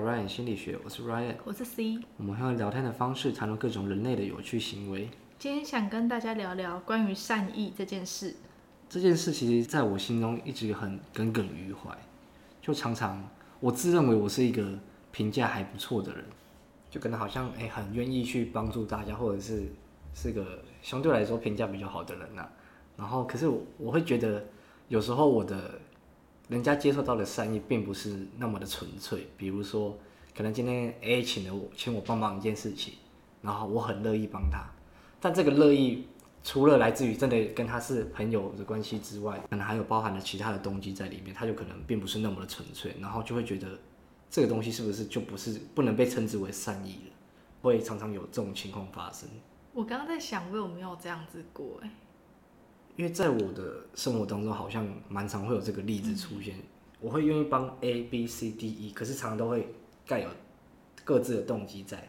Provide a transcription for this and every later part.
Ryan 心理學，我是 Ryan，我是 C。我們會用聊天的方式談論各種人類的有趣行為。今天想跟大家聊聊關於善意這件事。這件事其實在我心中一直很耿耿於懷，就常常我自認為我是一個評價還不錯的人，就可能好像誒、欸、很願意去幫助大家，或者是是個相對來說評價比較好的人吶、啊。然後可是我，我會覺得有時候我的，人家接受到的善意並不是那麼的純粹，比如說，可能今天 A 請了我，請我幫忙一件事情，然後我很樂意幫他，但這個樂意除了來自於真的跟他是朋友的關係之外，可能還有包含了其他的動機在裡面，他就可能並不是那麼的純粹，然後就會覺得這個東西是不是就不是不能被稱之為善意了，會常常有這種情況發生。我剛剛在想，我有沒有這樣子過哎、欸？因為在我的生活當中，好像蠻常會有這個例子出現。嗯、我會願意幫 A、B、C、D、E，可是常常都會蓋有各自的動機在，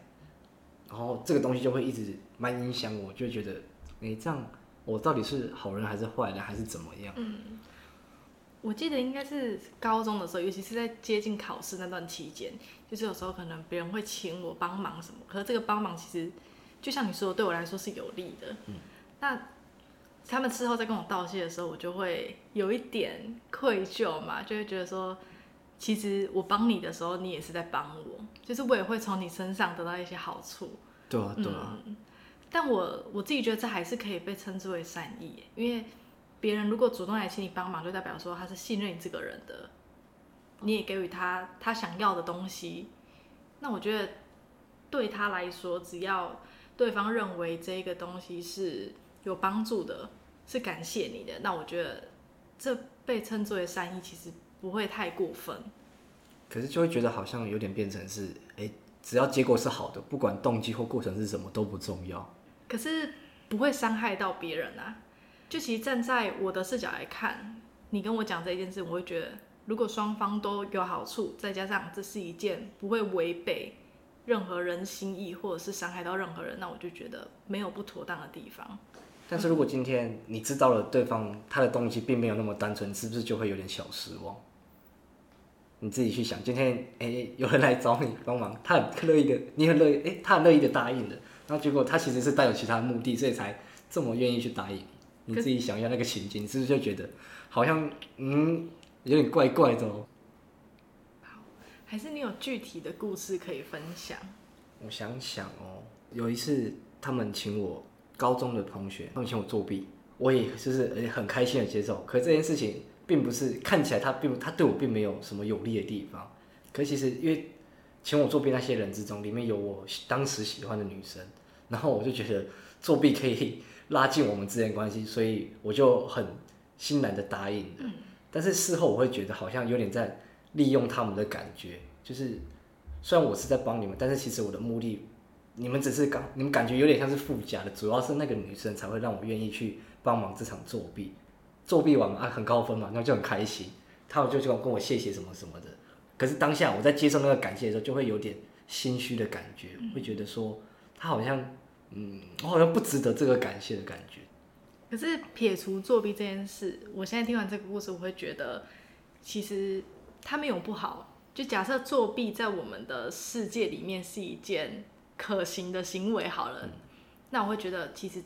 然後這個東西就會一直蠻影響我，就覺得，你、欸、這樣我到底是好人還是壞人，還是怎麼樣？嗯、我記得應該是高中的時候，尤其是在接近考試那段期間，就是有時候可能別人會請我幫忙什麼，可是這個幫忙其實就像你說的，對我來說是有利的。嗯，那。他們之後在跟我道謝的時候，我就會有一點愧疚嘛，就會覺得說，其實我幫你的時候，你也是在幫我，就是我也會從你身上得到一些好處。對啊，對啊。嗯，但我我自己覺得這還是可以被稱之為善意，因為別人如果主動來請你幫忙，就代表說他是信任你這個人的，你也給予他他想要的東西。那我覺得對他來說，只要對方認為這個東西是有幫助的。是感謝你的，那我覺得這被稱作為善意，其實不會太過分。可是就會覺得好像有點變成是，誒，只要結果是好的，不管動機或過程是什麼都不重要。可是不會傷害到別人啊，就其實站在我的視角來看，你跟我講這一件事，我會覺得如果雙方都有好處，再加上這是一件不會違背任何人心意或者是傷害到任何人，那我就覺得沒有不妥當的地方。但是如果今天你知道了對方他的動機並沒有那麼單純，是不是就會有點小失望？你自己去想，今天誒、欸，有人來找你幫忙，他很樂意的，你很樂意，誒、欸，他很樂意的答應的，然後結果他其實是帶有其他的目的，所以才這麼願意去答應。你自己想一下那個情景，是，是不是就覺得好像嗯有點怪怪的、喔？好，還是你有具體的故事可以分享？我想想哦、喔，有一次他們請我。高中的同學，他們請我作弊，我也就是很開心的接受。可這件事情並不是看起來他並他對我並沒有什麼有利的地方。可其實因為請我作弊那些人之中，裡面有我當時喜歡的女生，然後我就覺得作弊可以拉近我們之間的關係，所以我就很欣然的答應。嗯，但是事後我會覺得好像有點在利用他們的感覺，就是雖然我是在幫你們，但是其實我的目的。你們只是感，你們感覺有點像是附加的，主要是那個女生才會讓我願意去幫忙這場作弊，作弊完嘛、啊，很高分嘛，然後就很開心，她就就跟我謝謝什麼什麼的。可是當下我在接受那個感謝的時候，就會有點心虛的感覺，會覺得說她好像，嗯，我好像不值得這個感謝的感覺。可是撇除作弊這件事，我現在聽完這個故事，我會覺得其實他沒有不好。就假設作弊在我們的世界裡面是一件。可行的行為好了，那我會覺得其實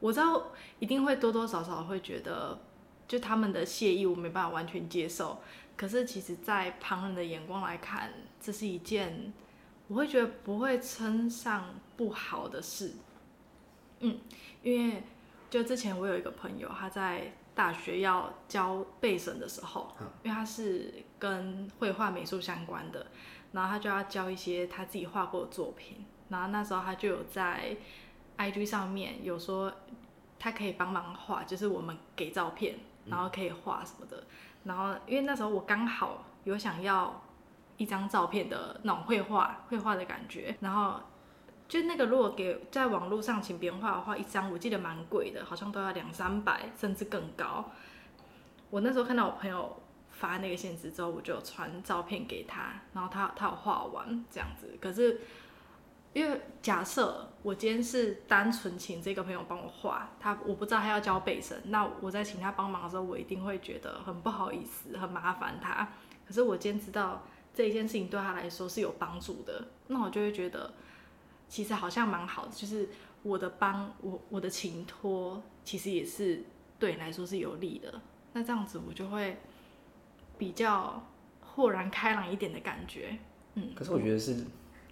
我知道一定會多多少少會覺得，就他們的謝意我沒辦法完全接受。可是其實，在旁人的眼光來看，這是一件我會覺得不會稱上不好的事。嗯，因為就之前我有一個朋友，他在。大學要交備審的時候，啊、因為他是跟繪畫美術相關的，然後他就要交一些他自己畫過的作品。然後那時候他就有在 I G 上面有說他可以幫忙畫，就是我們給照片，然後可以畫什麼的。嗯、然後因為那時候我剛好有想要一張照片的那種繪畫繪畫的感覺，然後。就那個，如果給在網絡上請別人畫的話，一張我記得蠻貴的，好像都要兩三百甚至更高。我那時候看到我朋友發那個限制之後，我就傳照片給他，然後他他有畫完這樣子。可是因為假設我今天是單純請這個朋友幫我畫，他我不知道他要交備審，那我在請他幫忙的時候，我一定會覺得很不好意思，很麻煩他。可是我今天知道這一件事情對他來說是有幫助的，那我就會覺得。其實好像蠻好的，就是我的幫我我的情托，其實也是對你來說是有利的。那這樣子我就會比較豁然開朗一點的感覺。嗯，可是我覺得是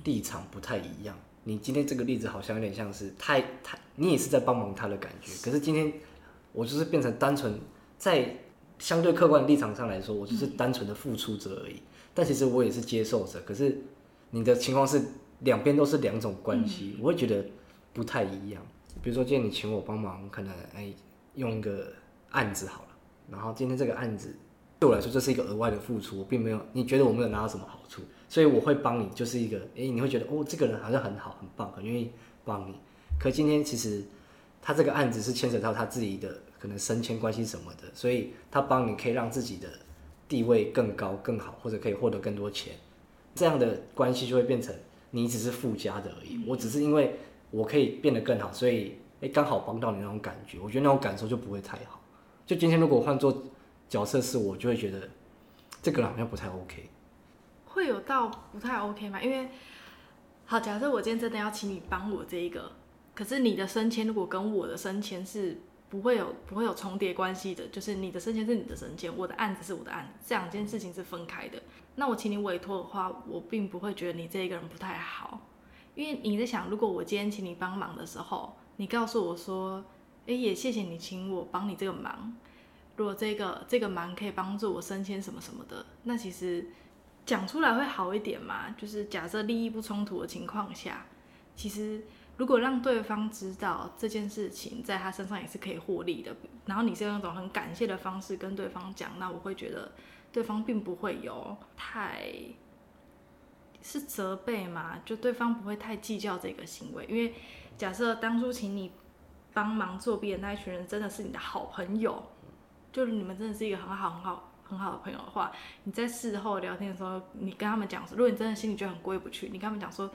立場不太一樣。你今天這個例子好像有點像是太太，你也是在幫忙他的感覺。嗯，可是今天我就是變成單純在相對客觀立場上來說，我就是單純的付出者而已。嗯，但其實我也是接受者。可是你的情況是。兩邊都是兩種關係，我會覺得不太一樣。比如說，今天你請我幫忙，可能哎，用一個案子好了。然後今天這個案子對我來說，這是一個額外的付出，並沒有。你覺得我沒有拿到什麼好處，所以我會幫你，就是一個哎，你會覺得哦，這個人好像很好、很棒，很願意幫你。可今天其實他這個案子是牽扯到他自己的可能升遷關係什麼的，所以他幫你可以讓自己的地位更高、更好，或者可以獲得更多錢。這樣的關係就會變成。你只是附加的而已，我只是因為我可以變得更好，所以欸，剛好幫到你那種感覺，我覺得那種感受就不會太好。就今天如果換做角色是我，就會覺得這個好像不太 OK。會有到不太 OK 嗎？因為好，假設我今天真的要請你幫我這一個，可是你的升遷如果跟我的升遷是。不會有不會有重疊關係的，就是你的升遷是你的升遷，我的案子是我的案子。這兩件事情是分開的。那我請你委托的話，我並不會覺得你這一個人不太好，因為你在想，如果我今天請你幫忙的時候，你告訴我說，誒，也謝謝你請我幫你這個忙，如果這個這個忙可以幫助我升遷什麼什麼的，那其實講出來會好一點嘛，就是假設利益不衝突的情況下，其實。如果讓對方知道這件事情在他身上也是可以獲利的，然後你是用那種很感謝的方式跟對方講，那我會覺得對方並不會有太是責備嘛，就對方不會太計較這個行為。因為假設當初請你幫忙作弊的那一群人真的是你的好朋友，就是你們真的是一個很好很好很好的朋友的話，你在事後聊天的時候，你跟他們講說，如果你真的心裡覺得很過意不去，你跟他們講說，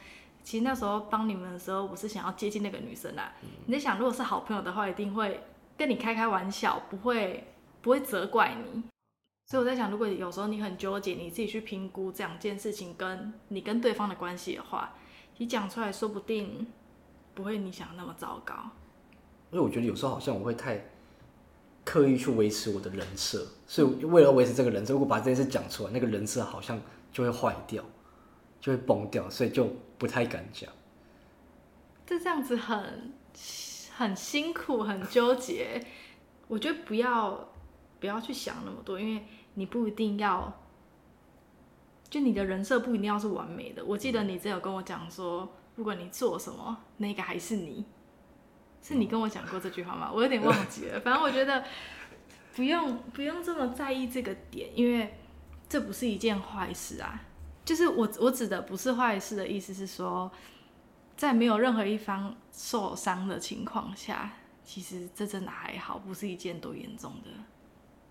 其實那時候幫你們的時候，我是想要接近那個女生啦、啊。你在想，如果是好朋友的話，一定會跟你開開玩笑，不會不會責怪你。所以我在想，如果有時候你很糾結，你自己去評估這兩件事情跟你跟對方的關係的話，你講出來說不定不會你想的那麼糟糕。因為我覺得有時候好像我會太刻意去維持我的人設，所以為了維持這個人設，如果把這件事講出來，那個人設好像就會壞掉。就會崩掉，所以就不太敢講。這這樣子很很辛苦，很糾結。 我覺得不要不要去想那麼多，因為你不一定要，就你的人設不一定要是完美的。我記得你曾有跟我講說，不管你做什麼，那個還是你，是你跟我講過這句話嗎？ 我有點忘記了。反正我覺得不用不用這麼在意這個點，因為這不是一件壞事啊。就是我我指的不是壞事的意思，是說在沒有任何一方受傷的情況下，其實這真的還好，不是一件多嚴重的。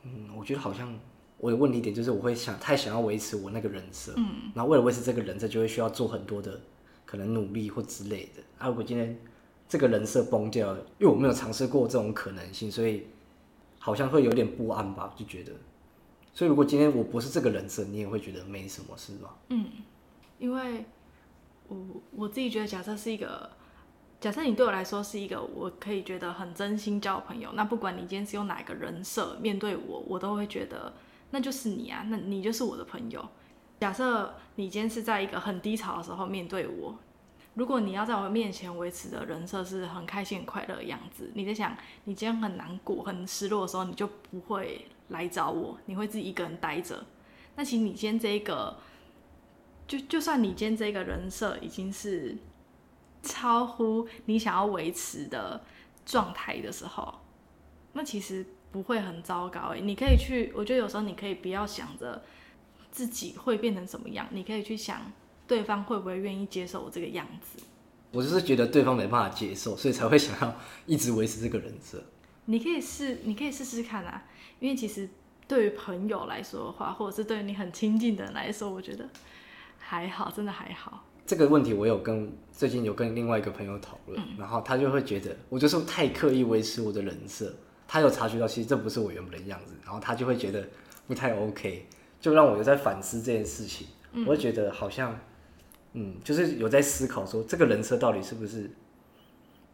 嗯，我覺得好像我有問題點，就是我會想太想要維持我那個人設，嗯，然後為了維持這個人設，就會需要做很多的可能努力或之類的。啊，如果我今天這個人設崩掉了，因為我沒有嘗試過這種可能性，所以好像會有點不安吧，就覺得。所以，如果今天我不是這個人設，你也會覺得沒什麼事嗎？嗯，因為我我自己覺得，假設是一個，假設你對我來說是一個，我可以覺得很真心交的朋友，那不管你今天是用哪個人設面對我，我都會覺得那就是你啊，那你就是我的朋友。假設你今天是在一個很低潮的時候面對我。如果你要在我面前維持的人設是很開心、很快樂的樣子，你在想你今天很難過、很失落的時候，你就不會來找我，你會自己一個人待着。那其實你今天這一個，就就算你今天這個人設已經是超乎你想要維持的狀態的時候，那其實不會很糟糕，欸，你可以去，我覺得有時候你可以不要想着自己會變成什麼樣，你可以去想。對方會不會願意接受我這個樣子？我就是覺得對方沒辦法接受，所以才會想要一直維持這個人設。你可以試，你可以試試看啊，因為其實對於朋友來說的話，或者是對於你很親近的人來說，我覺得還好，真的還好。這個問題我有跟最近有跟另外一個朋友討論，嗯，然後他就會覺得我就是太刻意維持我的人設，他有察覺到其實這不是我原本的樣子，然後他就會覺得不太 OK，就讓我有在反思這件事情。我會覺得好像。嗯，就是有在思考說這個人設到底是不是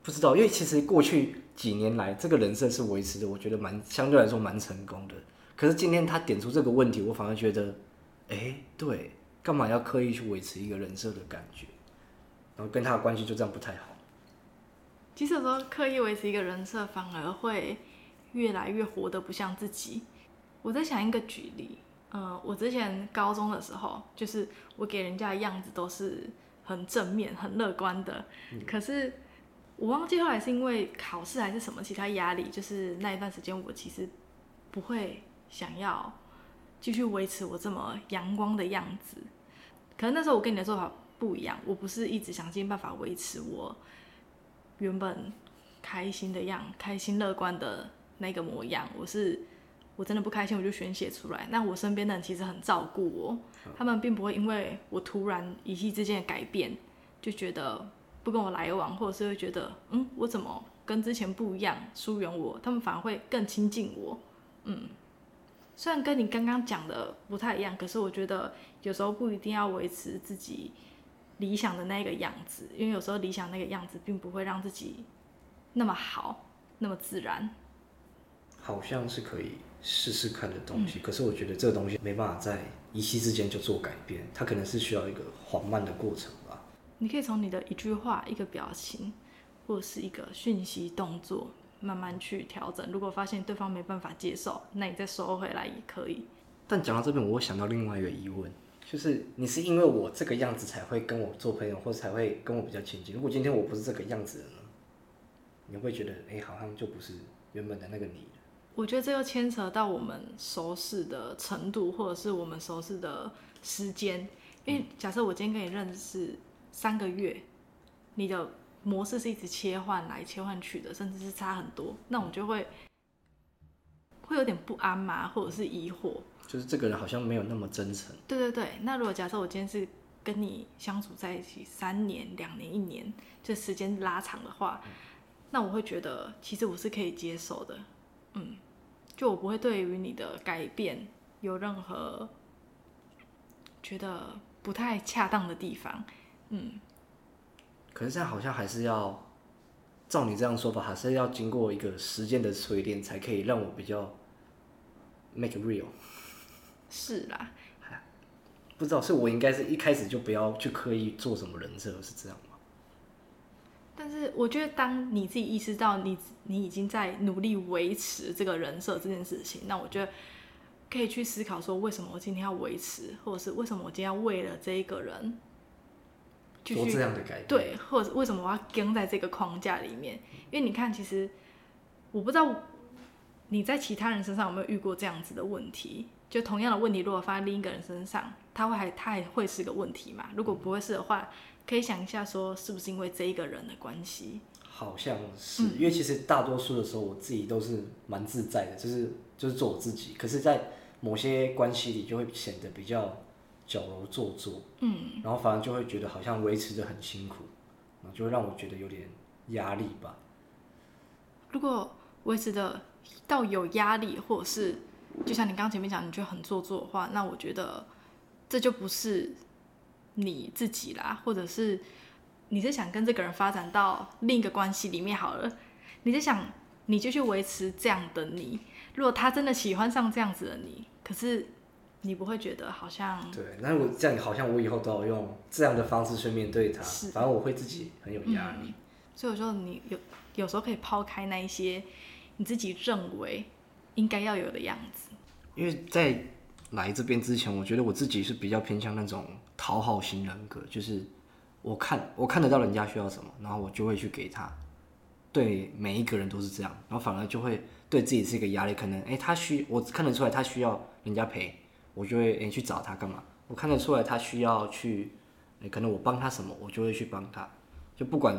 不知道，因為其實過去幾年來這個人設是維持的，我覺得蠻相對來說蠻成功的。可是今天他點出這個問題，我反而覺得，哎、欸，對，幹嘛要刻意去維持一個人設的感覺？然後跟他的關係就這樣不太好。其實有時候刻意維持一個人設，反而會越來越活得不像自己。我在想一個舉例。嗯，我之前高中的時候，就是我給人家的樣子都是很正面、很樂觀的。嗯、可是我忘記後來是因為考試還是什麼其他壓力，就是那一段時間我其實不會想要繼續維持我這麼陽光的樣子。可是那時候我跟你的做法不一樣，我不是一直想盡辦法維持我原本開心的樣、開心樂觀的那個模樣，我是。我真的不開心，我就宣洩出來。那我身邊的人其實很照顧我，好他們並不會因為我突然一夕之間的改變就覺得不跟我來往，或者是會覺得嗯，我怎麼跟之前不一樣，疏遠我，他們反而會更親近我。嗯，雖然跟你剛剛講的不太一樣，可是我覺得有時候不一定要維持自己理想的那個樣子，因為有時候理想那個樣子並不會讓自己那麼好，那麼自然。好像是可以。試試看的東西，嗯、可是我覺得這個東西沒辦法在一夕之間就做改變，它可能是需要一個緩慢的過程吧。你可以從你的一句話、一個表情，或者是一個訊息、動作，慢慢去調整。如果發現對方沒辦法接受，那你再收回來也可以。但講到這邊，我會想到另外一個疑問，就是你是因為我這個樣子才會跟我做朋友，或者才會跟我比較親近。如果今天我不是這個樣子了呢，你會，會覺得哎，好像就不是原本的那個你。我覺得這又牽扯到我們熟識的程度，或者是我們熟識的時間。因為假設我今天跟你認識三個月，你的模式是一直切換來切換去的，甚至是差很多，那我就會會有點不安嘛，或者是疑惑，就是這個人好像沒有那麼真誠。對對對，那如果假設我今天是跟你相處在一起三年、兩年、一年，這時間拉長的話，那我會覺得其實我是可以接受的。嗯，就我不會對於你的改變有任何覺得不太恰當的地方，嗯。可是現在好像還是要照你這樣說法，還是要經過一個時間的錘鍊，才可以讓我比較 make real。是啦，不知道，所以我應該是一開始就不要去刻意做什麼人設，是這樣。但是我覺得，當你自己意識到你你已經在努力維持這個人設這件事情，那我覺得可以去思考說，為什麼我今天要維持，或者是為什麼我今天要為了這一個人做這樣的改變？對，或者為什麼我要跟在這個框架裡面？因為你看，其實我不知道你在其他人身上有沒有遇過這樣子的問題。就同樣的問題，如果發在另一個人身上，他會還他還會是個問題嗎？如果不會是的話。可以想一下，說是不是因為這一個人的關係？好像是，嗯，因為其實大多數的時候，我自己都是蠻自在的，就是就是做我自己。可是，在某些關係裡，就會顯得比較矯揉做作，嗯，然後反而就會覺得好像維持得很辛苦，然後就會讓我覺得有點壓力吧。如果維持得到有壓力，或者是就像你剛剛前面講，你覺得很做作的話，那我覺得這就不是。你自己啦，或者是你是想跟這個人發展到另一個關係裡面好了，你是想你就去維持這樣的你。如果他真的喜歡上這樣子的你，可是你不會覺得好像對。那我這樣，好像我以後都要用這樣的方式去面對他，是反而我會自己很有壓力。嗯嗯。所以我說，你有有時候可以拋開那一些你自己認為應該要有的樣子，因為在。來這邊之前，我覺得我自己是比較偏向那種討好型人格，就是我看我看得到人家需要什麼，然後我就會去給他。對每一個人都是這樣，然後反而就會對自己是一個壓力。可能誒，他需我看得出來他需要人家陪，我就會誒去找他幹嘛？我看得出來他需要去，誒，可能我幫他什麼，我就會去幫他。就不管，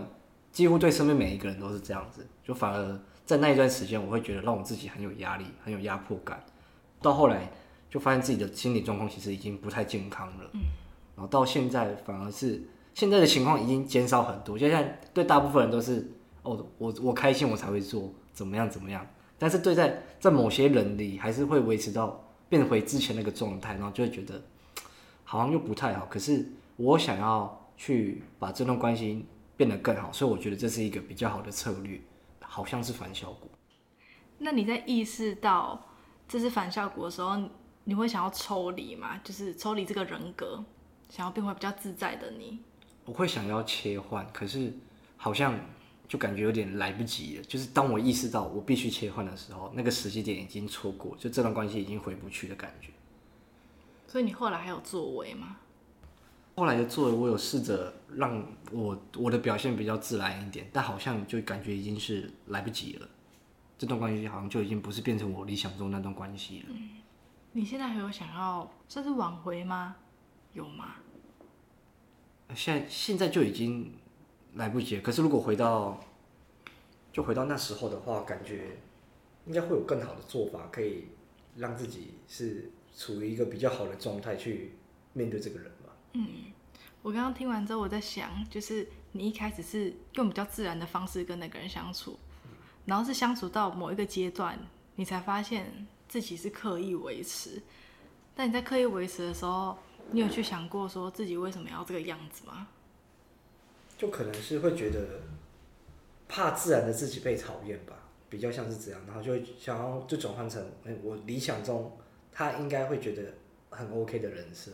幾乎對身邊每一個人都是這樣子。就反而在那一段時間，我會覺得讓我自己很有壓力，很有壓迫感。到後來。就發現自己的心理狀況其實已經不太健康了，嗯，然後到現在反而是現在的情況已經減少很多，現在對大部分人都是哦，我我開心我才會做怎麼樣怎麼樣，但是對在在某些人裡還是會維持到變回之前那個狀態，然後就會覺得好像又不太好。可是我想要去把這段關係變得更好，所以我覺得這是一個比較好的策略，好像是反效果。那你在意識到這是反效果的時候？你會想要抽離嗎？就是抽離這個人格，想要變回比較自在的你。我會想要切換，可是好像就感覺有點來不及了。就是當我意識到我必須切換的時候，那個時機點已經錯過，就這段關係已經回不去的感覺。所以你後來還有作為嗎？後來的作為，我有試着讓我我的表現比較自然一點，但好像就感覺已經是來不及了。這段關係好像就已經不是變成我理想中那段關係了。嗯你現在還有想要算是挽回嗎？有嗎？現在現在就已經來不及了。可是如果回到，就回到那時候的話，感覺應該會有更好的做法，可以讓自己是處於一個比較好的狀態去面對這個人吧。嗯，我剛剛聽完之後，我在想，就是你一開始是用比較自然的方式跟那個人相處，嗯、然後是相處到某一個階段，你才發現。自己是刻意維持，但你在刻意維持的時候，你有去想過說自己為什麼要這個樣子嗎？就可能是會覺得，怕自然的自己被討厭吧，比較像是這樣，然後就想要就轉換成，哎，我理想中他應該會覺得很 OK 的人設，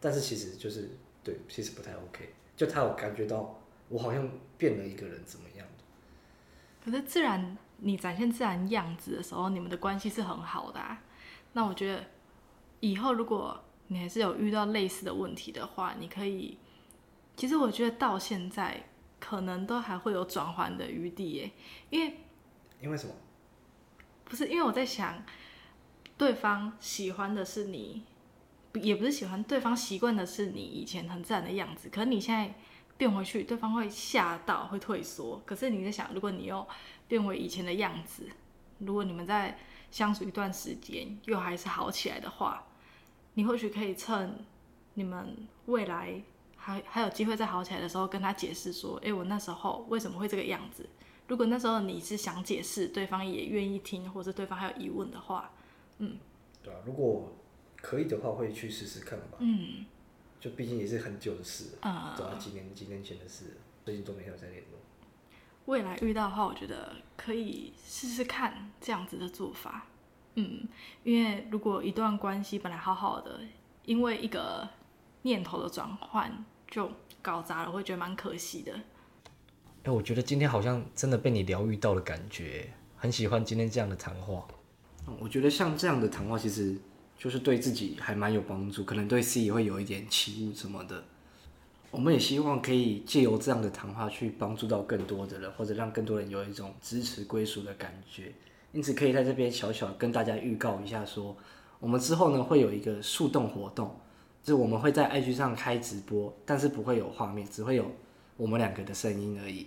但是其實就是對，其實不太 OK，就他有感覺到我好像變了一個人，怎麼樣的？可是自然。你展現自然樣子的時候，你們的關係是很好的啊。那我覺得以後如果你還是有遇到類似的問題的話，你可以，其實我覺得到現在可能都還會有轉換的餘地耶，因為因為什麼？不是因為我在想，對方喜歡的是你，也不是喜歡，對方習慣的是你以前很自然的樣子，可是你現在。變回去，對方會嚇到，會退縮。可是你在想，如果你又變回以前的樣子，如果你們在相處一段時間，又還是好起來的話，你或許可以趁你們未來還還有機會再好起來的時候，跟他解釋說，欸，我那時候為什麼會這個樣子。如果那時候你是想解釋，對方也願意聽，或者對方還有疑問的話，嗯，對啊，如果可以的話，會去試試看吧。嗯。就畢竟也是很久的事，啊了、嗯、幾年，幾年前的事，最近都沒有再聯絡。未來遇到的話，我覺得可以試試看這樣子的做法。嗯，因為如果一段關係本來好好的，因為一個念頭的轉換就搞砸了，會覺得蠻可惜的。哎、欸，我覺得今天好像真的被你療癒到的感覺，很喜歡今天這樣的談話。我覺得像這樣的談話其實。就是對自己還蠻有幫助，可能對自己也會有一點啟悟什麼的。我們也希望可以借由這樣的談話去幫助到更多的人，或者讓更多人有一種支持歸屬的感覺。因此，可以在這邊小小跟大家預告一下說，說我們之後呢會有一個樹洞活動，就是我們會在 IG 上開直播，但是不會有畫面，只會有我們兩個的聲音而已。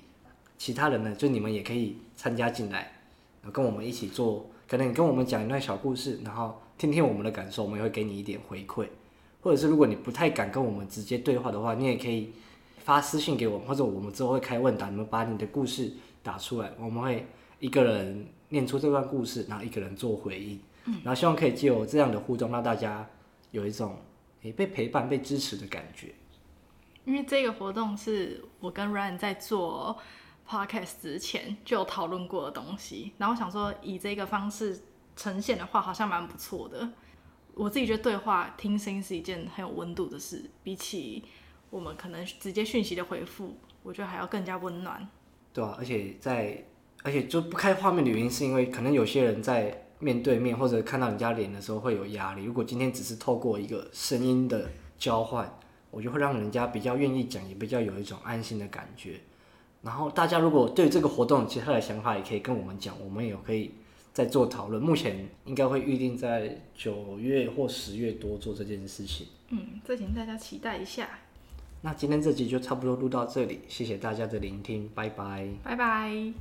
其他人呢，就你們也可以參加進來，然後跟我們一起做，可能跟我們講一段小故事，然後，聽聽我們的感受，我們也會給你一點回饋。或者是如果你不太敢跟我們直接對話的話，你也可以發私信給我們，或者我們之後會開問答，你們把你的故事打出來，我們會一個人念出這段故事，然後一個人做回應，嗯，然後希望可以借由這樣的互動，讓大家有一種誒被陪伴、被支持的感覺。因為這個活動是我跟 Ryan 在做 Podcast 之前就有討論過的東西，然後想說以這個方式。呈現的話好像蠻不錯的，我自己覺得對話聽聲音是一件很有溫度的事，比起我們可能直接訊息的回復，我覺得還要更加溫暖。對啊，而且在而且就不開畫面的原因，是因為可能有些人在面對面或者看到人家臉的時候會有壓力，如果今天只是透過一個聲音的交換，我就會讓人家比較願意講，也比較有一種安心的感覺。然後大家如果對這個活動其他的想法，也可以跟我們講，我們也可以。在做討論，目前應該會預定在九月或十月多做這件事情。嗯，再請大家期待一下。那今天這集就差不多錄到這裡，謝謝大家的聆聽，拜拜。拜拜。